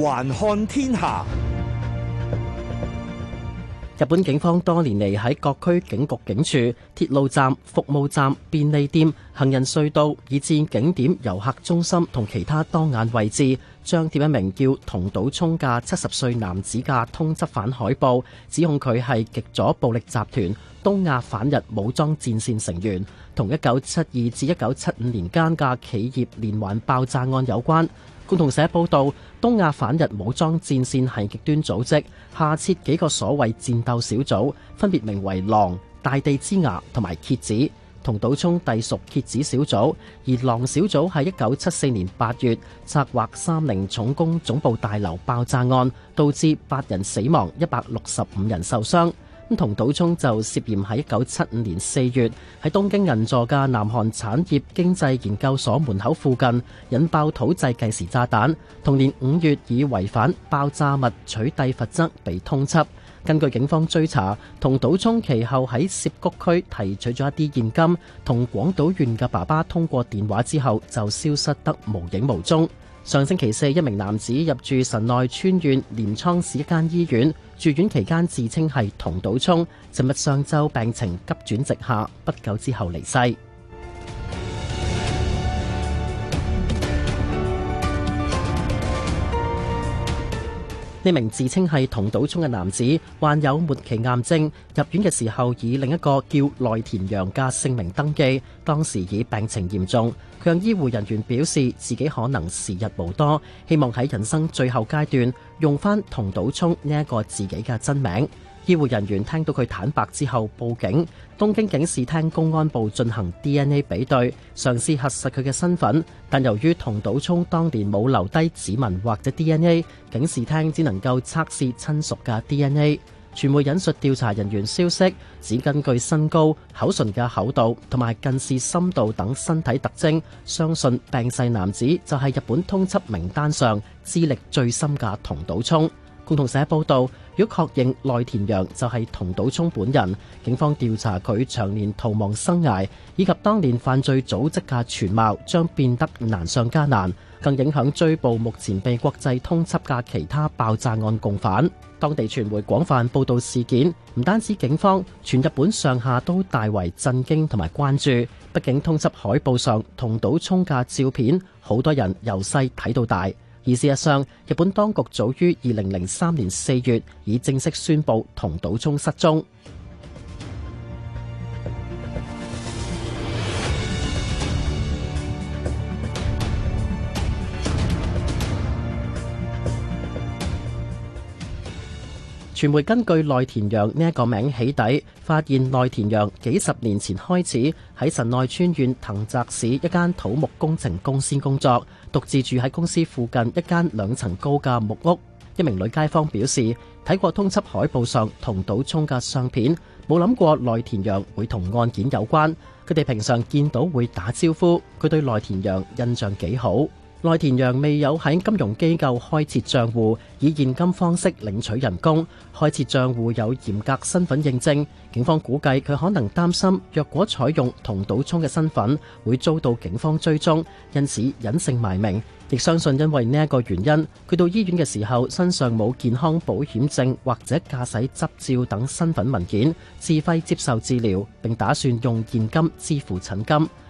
環看天下。日本警方多年嚟喺各區警局、警署、鐵路站、服務站、便利店、行人隧道，以至景點、遊客中心同其他當眼位置，張貼一名叫桐島聰嘅七十歲男子嘅通緝犯海報，指控佢係極左暴力集團東亞反日武裝戰線成員，同一九七二至一九七五年間嘅企業連環爆炸案有關。共同社報道，東亞反日武裝戰線係極端組織，下設幾個所謂戰鬥小組，分別名為狼、大地之牙同埋蠍子，桐島聰隸屬蠍子小組，而狼小組喺一九七四年八月策劃三菱重工總部大樓爆炸案，導致八人死亡、一百六十五人受傷。桐島聰就涉嫌喺一九七五年四月喺東京銀座嘅南韓產業經濟研究所門口附近引爆土製計時炸彈。同年五月，以違反爆炸物取締罰則被通緝。根據警方追查，桐島聰其後喺涉谷區提取咗一啲現金，同廣島縣嘅爸爸通過電話之後就消失得無影無蹤。上星期四，一名男子入住神奈川縣鎌倉市一間醫院，住院期間自稱係桐島聰。尋日上晝病情急轉直下，不久之後離世。呢名自稱係桐島聰嘅男子患有末期癌症，入院嘅時候以另一個叫內田洋嘅姓名登記，當時以病情嚴重。佢向醫護人員表示自己可能時日無多，希望喺人生最後階段用翻桐島聰呢一個自己嘅真名。醫護人員聽到佢坦白之後報警，東京警視廳公安部進行 DNA 比對，嘗試核實佢嘅身份。但由於桐島聰當年冇留低指紋或者 DNA，警視廳只能夠測試親屬嘅 DNA。傳媒引述調查人員消息，只根據身高、口唇嘅厚度同埋近視深度等身體特徵，相信病逝男子就係日本通緝名單上資歷最深嘅桐島聰。共同社報道，如果確認內田洋就係桐島聰本人，警方調查佢長年逃亡生涯以及當年犯罪組織嘅全貌，將變得難上加難，更影響追捕目前被國際通緝嘅其他爆炸案共犯。當地傳媒廣泛報道事件，唔單止警方，全日本上下都大為震驚同埋關注。畢竟通緝海報上桐島聰嘅照片，好多人由細睇到大。而事實上，日本當局早於二零零三年四月已正式宣布桐島聰失蹤。傳媒根據內田洋呢一個名起底，發現內田洋幾十年前開始喺神奈川縣藤澤市一間土木工程公司工作，獨自住喺公司附近一間兩層高嘅木屋。一名女街坊表示，睇過通緝海報上桐島聰嘅相片，冇諗過內田洋會同案件有關。佢哋平常見到會打招呼，佢對內田洋印象幾好。內田洋未有喺金融機構開設賬戶，以現金方式領取人工。開設賬戶有嚴格身份認證，警方估計佢可能擔心，若果採用桐島聰嘅身份，會遭到警方追蹤，因此隱姓埋名。亦相信因為呢一個原因，佢到醫院嘅時候身上冇健康保險證或者駕駛執照等身份文件，自費接受治療，並打算用現金支付診金。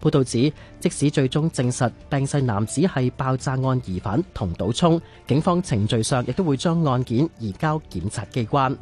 報道指，即使最終證實病逝男子係爆炸案疑犯桐島聰，警方程序上亦都會將案件移交檢察機關。